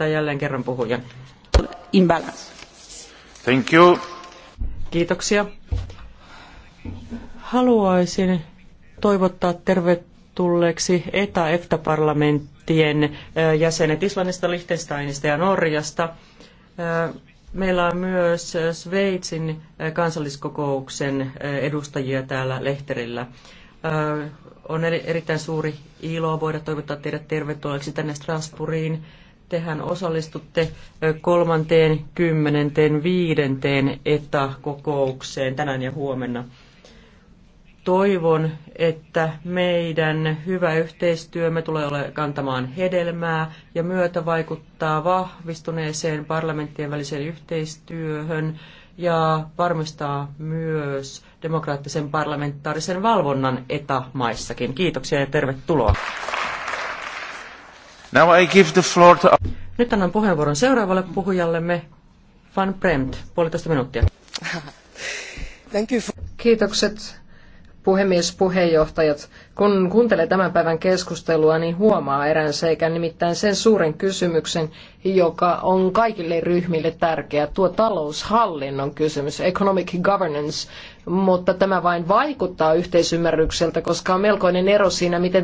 kiittää jälleen kerran puhujan. Imbalance. Thank you. Kiitoksia. Haluaisin toivottaa tervetulleeksi ETA-EFTA-parlamenttien jäsenet Islannista, Liechtensteinista ja Norjasta. Meillä on myös Sveitsin kansalliskokouksen edustajia täällä lehterillä. On erittäin suuri ilo voida toivottaa teidät tervetulleeksi tänne Strasbourgiin. Tehän osallistutte kolmanteen, kymmenenteen, viidenteen etäkokoukseen tänään ja huomenna. Toivon, että meidän hyvä yhteistyömme tulee ole kantamaan hedelmää ja myötä vaikuttaa vahvistuneeseen parlamenttien väliseen yhteistyöhön ja varmistaa myös demokraattisen parlamentaarisen valvonnan etämaissakin. Kiitoksia ja tervetuloa. Now I give the floor to... Nyt annan puheenvuoron seuraavalle puhujallemme, Van Bremt, puolitoista minuuttia. Thank you for... Kiitokset puhemies, puheenjohtajat. Kun kuuntelee tämän päivän keskustelua, niin huomaa erään seikan, nimittäin sen suuren kysymyksen, joka on kaikille ryhmille tärkeä, tuo taloushallinnon kysymys, economic governance, mutta tämä vain vaikuttaa yhteisymmärrykseltä, koska on melkoinen ero siinä, miten